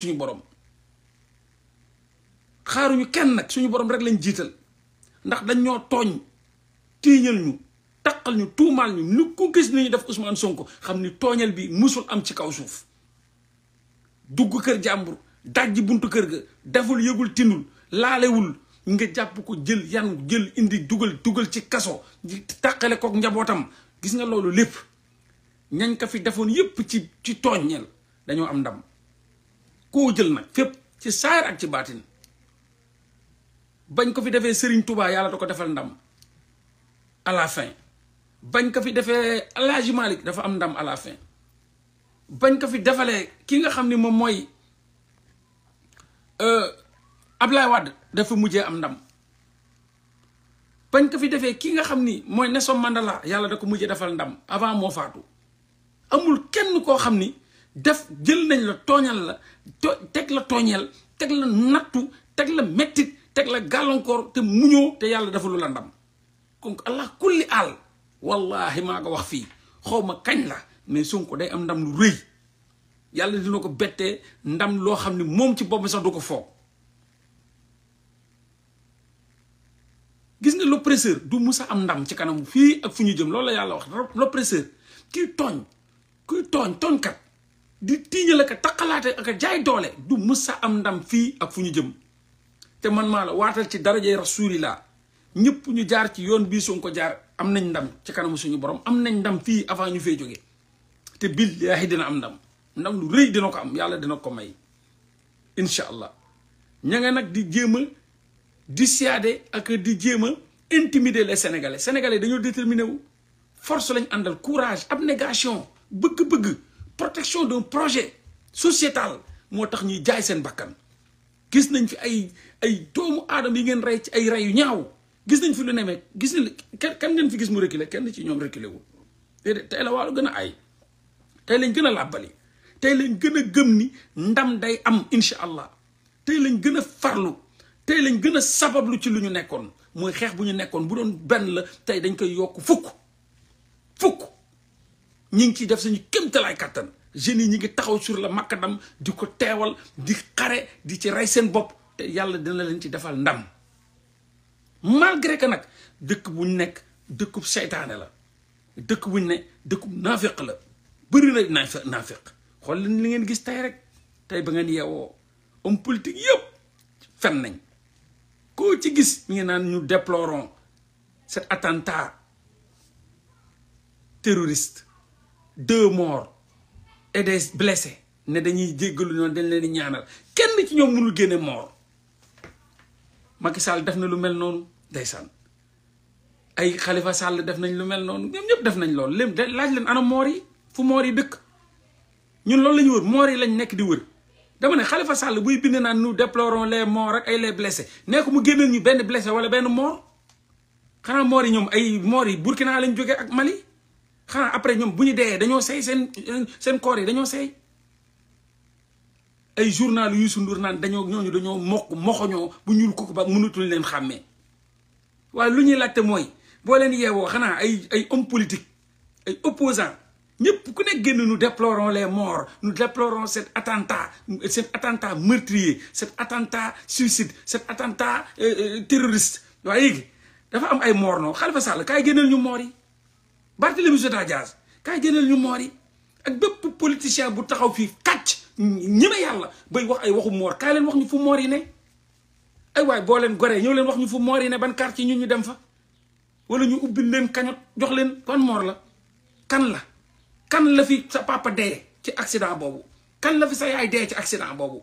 suñu borom xaaruñu kenn nag suñu borom rek lañ jiital ndax dañ tooñ tiiñal ñu taqal ñu tuumaal ñu lu ku gis ni ñu def Ousmane Sonko xam ni tooñal bi musul am ci kaw suuf dugg kër jàmbur dajji buntu kër ga deful yëgul tindul laalewul nga jàpp ko jël yan jël indi dugal dugal ci kaso tàqale kook njabootam gis nga loolu lépp ñañ ko fi defoon yépp ci ci tooñeel dañoo am ndam koo jël nag fépp ci saayir ak ci baatin bañ ko fi defee Serigne tubaa yàlla da ko defal ndam à fin bañ ko fi defee El Hadj dafa am ndam à la bañ ko fi defalee ki nga xam ni moom mooy euh, Ablaye Wade dafa mujjee am ndam bañ ko fi defee ki nga xam ni mooy Nelson Mandela yàlla da ko mujjee defal ndam avant moo faatu amul kenn koo xam ni. def jël nañ la tooñal la teg la tooñeel teg la nattu teg la mettit teg la gàllankoor te muñoo te yàlla dafa lu la ndam kon allah kulli àll wallahi maa ko wax fii xawma kañ la mais Sonko day am ndam lu rëy yàlla dina ko bettee ndam loo xam ne moom ci boppam sax du ko foog gis nga l'oppresseur du musa am ndam ci kanam fii ak fu ñu jëm loolu la yàlla wax l'oppresseur kuy tooñ kuy tooñ tooñkat di tiiñal ak a taqalaate ak a jaay doole du mës am ndam fii ak fu ñu jëm te man maa la waatal ci darajay rasulillah ñëpp ñu jaar ci yoon bii suñ ko jaar am nañ ndam ci kanamu suñu borom am nañ ndam fii avant ñu fee jógee te billaahi dina am ndam ndam lu rëy dina ko am yàlla dina ko may incha allah ña nag di jéem a di siyaade ak di jéem a intimider les sénégalais sénégalais dañoo déterminé wu force lañ àndal courage abnégation bëgg-bëgg. protection d'un projet sociétal moo tax ñuy jaay seen bakkan gis nañ fi ay ay doomu aadama yi ngeen rey ci ay rey yu ñaaw gis nañ fi lu nemee gis nañ kan ngeen fi gis mu reculer kenn ci ñoom reculer wul déedéet tey la gën a ay tey lañ gën a làbbali tey lañ gën a gëm ni ndam day am incha allah tey lañ gën a farlu tey lañ gën a sabablu ci lu ñu nekkoon mooy xeex bu ñu nekkoon bu doon benn la tey dañ koy yokk fukk fukk ñi ngi ciy def suñu kéemtalaay kattan jeunes yi ñi ngi taxaw sur la makadam di ko teewal di xare di ci rey seen bopp te yàlla dina leen ci defal ndam malgré que nag dëkk bu nekk dëkkub seytaane la dëkk bu ne dëkkub naafeq la bëri na naafe naafeq xool leen li ngeen gis tey rek tey ba ngeen yeewoo homme politique yëpp fen nañ koo ci gis mi ngi naan ñu déplorons cet attentat terroriste deux morts et des blessés ne dañuy jéggalu ñoon dañ leen di ñaanal kenn ci ñoom lu génne mort Macky Sall def na lu mel noonu ndeysaan ay xalifa Sall def nañ lu mel noonu ñoom ñëpp def nañ loolu lim laaj leen ana moor yi fu moor yi dëkk ñun loolu la ñu wër moor yi lañ nekk di wër dama ne Khalifa Sall buy bind naan nous déplorons les morts ak ay les blessés nee mu génneel ñu benn blessé wala benn mort xanaa moor yi ñoom ay moor yi Burkina lañ jógee ak Mali xanaa après ñoom bu ñu dee dañoo sey seen seen koor yi dañoo sey ay journal yu sundur naan dañoo ñooñu dañoo mokk moxoñoo bu ñuul kooku ba mënatul leen xàmmee waaye lu ñuy laajte mooy boo leen yeewoo xanaa ay ay homme politique ay opposant ñëpp ku ne génn nous déplorons les morts nous déplorons cet attentat cet attentat meurtrier cet attentat suicide cet attentat euh, euh, terroriste waaye dafa am ay moor noo Khalifa Sall kaay génneel ñu moor yi Barthélemy Sota Diaz kaay jëlal ñu moor yi ak bëpp politicien bu taxaw fii kàcc ñeme yàlla bay wax ay waxu moor kaay leen wax ñu fu moor yi ne ay waay boo leen goree ñëw leen wax ñu fu moor yi ban quartier ñun ñu dem fa wala ñu ubbi leen kañot jox leen kon moor la kan la kan la fi sa papa dee ci accident boobu kan la fi sa yaay dee ci boobu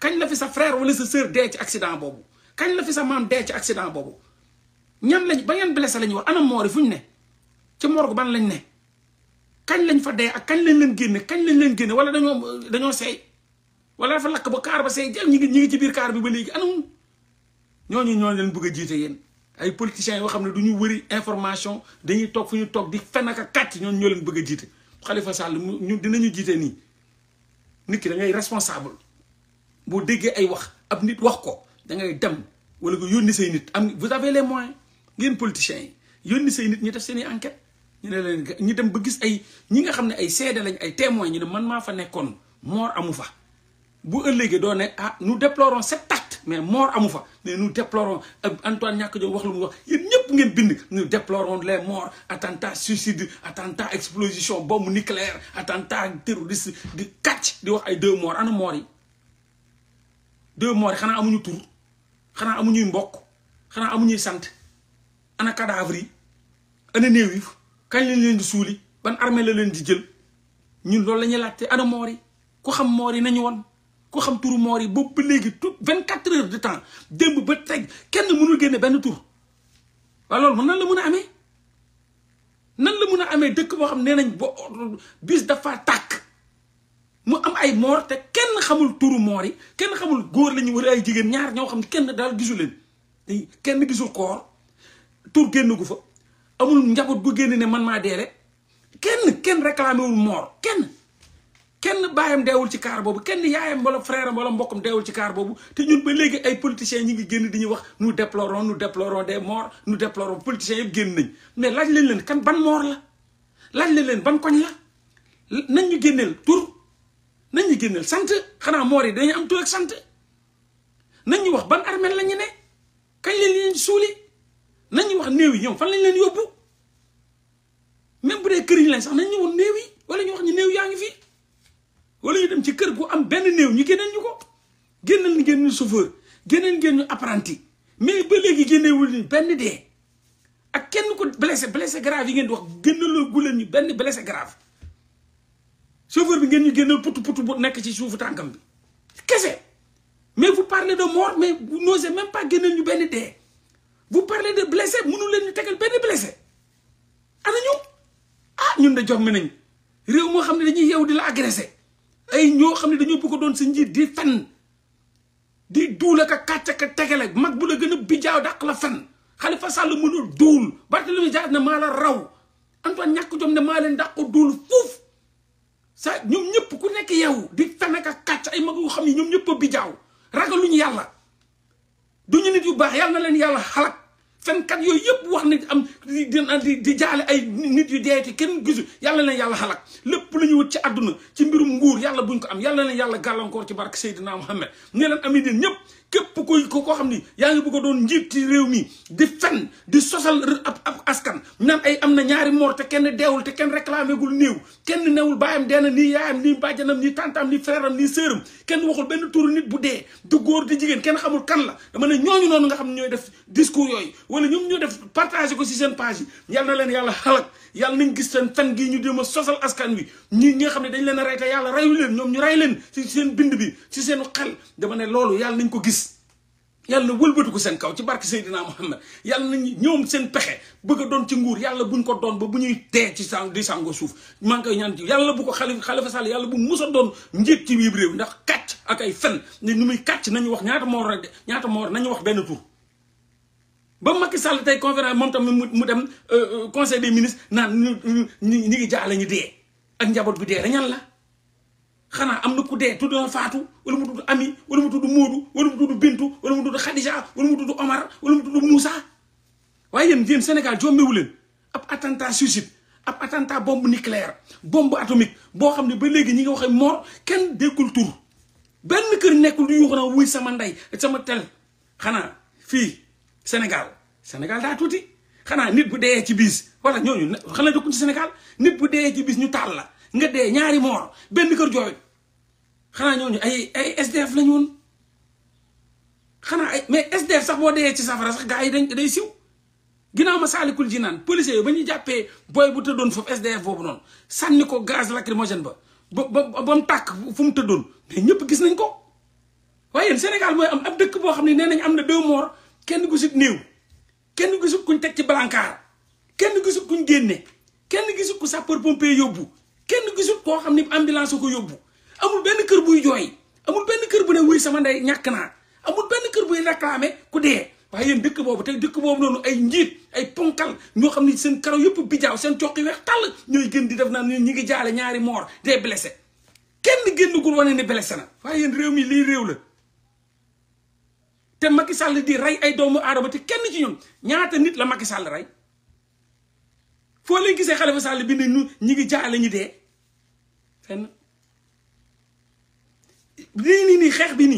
kañ la fi sa frère wala sa sœur dee ci accident boobu kañ la fi sa maam dee ci accident boobu ñan lañ ba ngeen blessé la ñu wax ana moor yi fu ñu ne ci morgue ban lañ ne kañ lañ fa dee ak kañ lañ leen génne kañ lañ leen génne wala dañoo dañoo seey wala dafa lakk ba kaar ba seey jël ñi ngi ngi ci biir kaar bi ba léegi anamu ñooñu ñoo leen bëgg a jiite yéen ay politiciens yoo xam ne du ñu information dañuy toog fu ñu toog di fen ak a kàcc ñoo leen bëgg a jiite Khalifa Sall ñu dinañu jiite nii nit ki da ngay responsable boo déggee ay wax ab nit wax ko da ngay dem wala nga yónni say nit am vous avez les moyens ngeen politiciens yi yónni say nit ñu def seen i enquête ñu ne leen ñu dem ba gis ay ñi nga xam ne ay seede lañ ay témoins ñu ne man maa fa nekkoon moor amu fa bu ëllëgee doo ne ah nous déplorons cet acte mais mort amu fa mais nous déplorons ak Antoine ñàkk jom wax lu mu wax yéen ñëpp ngeen bind nous déplorons les morts attentat suicide attentat explosion bombe nucléaire attentat terroriste di kàcc di wax ay deux morts ana morts yi deux morts yi xanaa amuñu tur xanaa amuñuy mbokk xanaa amuñuy sant ana cadavre yi ana néew yi kañ lañ leen di suuli ban armee la leen di jël ñun loolu la ñuy laajte ana moor yi ku xam moor yi nañu woon ku xam turu moor yi boobu ba léegi tout vingt quatre heures de temps démb ba teg kenn mënul génne benn tur waaye loolu nan la mun a amee nan la mën a amee dëkk boo xam nee nañ ba bis dafa tàkk mu am ay moor te kenn xamul turu moor yi kenn xamul góor la ñu wala ay jigéen ñaar ñoo xam kenn daal gisu leen kenn gisul koor tur génn gu fa amul njaboot bu génn ne man maa dee rek kenn kenn réclamé wul moor kenn kenn baayam deewul ci kaar boobu kenn yaayam wala frère am wala mbokkam deewul ci kaar boobu te ñun ba léegi ay politiciens ñi ngi génn di ñu wax nous déplorons nous déplorons des moor nous déplorons politiciens yëpp génn nañ mais laaj leen leen kan ban moor la laaj leen leen ban koñ la nañ ñu génneel tur nañ ñu génneel sant xanaa moor yi dañu am tur sant nañ ñu wax ban armée la ñu ne kañ leen suuli nañ ñu wax néew yi ñoom fan lañ leen yóbbu même bu dee kër yi lañ sax nañ ñu woon néew yi wala ñu wax ñi néew yaa ngi fi wala ñu dem ci kër gu am benn néew ñu génneen ñu ko génneel ngeen ñu chauffeur génneen ngeen ñu apprenti mais ba léegi génneewul ñu benn dee ak kenn ko blessé blessé grave yi ngeen di wax génneloo gu leen ñu benn blessé grave bi ngeen ñu génneel putu putu bu nekk ci suufu tànkam bi kese mais vous parlez de mort mais vous n'osez même pas génneel ñu benn dee. vous parlez de blessé mënu leen ñu tegal benn blessé ana ñu ah ñun de jox mi nañ réew moo xam ne dañuy yeew di la agressé ay ñoo xam ne dañoo bëgg ko doon sa njiit di fen di duul ak a kàcc ak a tegale mag bu la gën a bijaaw dàq la fen Khalifa Sall mënul duul Barthélémy Dias ne maa la raw Antoine ñàkk jom ne maa leen dàq duul ñoom ñëpp ku nekk yeew di fen ak kàcc ay mag yoo xam ne ñoom ñëpp a bijaaw ragaluñu yàlla duñu nit yu baax yàlla na leen yàlla xalak fenkat yooyu yëpp wax na am di di jaale ay nit yu deeti kenn gisu yàlla na yàlla xalak lépp lu ñu wut ci àdduna ci mbirum nguur yàlla buñ ko am yàlla na yàlla gàllankoor ci barke Seydina Muhammad ne leen ami den ñëpp képp koy ko koo xam ni yaa ngi bëgg a doon njiit ci réew mi di fen di sosal ab ab askan naan ay am na ñaari moor te kenn deewul te kenn réclamé gul néew kenn newul baayam dee na nii yaayam nii bàjjanam nii tantam nii frère am nii kenn waxul benn turu nit bu dee du góor di jigéen kenn xamul kan la dama ne ñooñu noonu nga xam ne ñooy def discours yooyu wala ñoom ñoo def partagé ko si seen page yi yal na leen yàlla xalak yàlla nañ gis seen fen gii ñu dem a sosal askan wi ñi ñi xam ne dañ leen a rey te yàlla reyu leen ñoom ñu rey leen si seen bind bi si seen xel dama ne loolu yàlla nañ ko gis yàlla na wëlbatu ko seen kaw ci barke Seydina Muhammad yàlla nañ ñoom seen pexe bëgg a doon ci nguur yàlla buñ ko doon ba bu ñuy dee ci sang di sàngo suuf maa ngi koy ñaan ci yàlla bu ko xale xalifa Sall yàlla bu mus a doon njiit ci biir ndax kàcc ak ay fen ne nu muy kàcc nañu wax ñaata moor ñaata moor nañu wax benn tur ba Macky sàll tey conférence moom tamit mu dem euh, euh, conseil des ministres naan ñu ñu ngi jaale ñu dee ak njaboot bi dee rek la xanaa am na ku dee tudd na Fatou wala mu tudd Ami wala mu tudd Moodu wala mu tudd Bintu wala mu tudd Khadija wala mu tudd Omar wala mu tudd Moussa waaye yéen yéen Sénégal jommewu leen ab attentat suicide ab attentat bombe nucléaire bombe atomique boo xam ne ba léegi ñi ngi waxee mort kenn déggul tur benn kër nekkul di yuuxu naa wuy sama ndey sama tel xanaa fii Sénégal Sénégal daa tuuti xanaa nit bu dee ci bis wala ñooñu xanaa dëkkuñ ci Sénégal nit bu dee ci biis ñu taal la nga dee ñaari moor benn kër jooy xanaa ñooñu ay ay SDF lañu woon xanaa ay mais SDF sax boo dee ci safara sax gars yi dañ day siw ginnaaw ma saalikul ji naan policiers yi ba ñuy jàppee booy bu tëddoon foofu SDF boobu noonu sànni ko gaz lacrymogène ba ba ba mu tàkk fu mu tëddoon mais ñëpp gis nañ ko waaye Sénégal mooy am ab dëkk boo xam ne nee nañ am na deux morts kenn gu si néew. kenn gisul kuñ teg ci balaŋkaar kenn gisul kuñ génne kenn gisul ku sapeur pompier yóbbu kenn gisul koo xam ni ambulance ko yóbbu amul benn kër buy jooy amul benn kër bu ne sama ndey ñàkk naa amul benn kër buy réclamer ku dee waaye yéen dëkk boobu tey dëkk boobu noonu ay njiit ay ponkal ñoo xam ni seen karaw yëpp bijaaw seen coq yi weex tàll ñooy gën di def naan ñi ngi jaale ñaari moor des blessés kenn génnagul wane ni blessé na waaye yéen réew mi lii réew la. te Macky sàll di rey ay doomu aadama te kenn ci ñoom ñaata nit la Macky sàll rey foo leen gisee Khalifa sàll bi ne ñu ñi ngi jaale ñu dee fenn lii nii nii xeex bi ni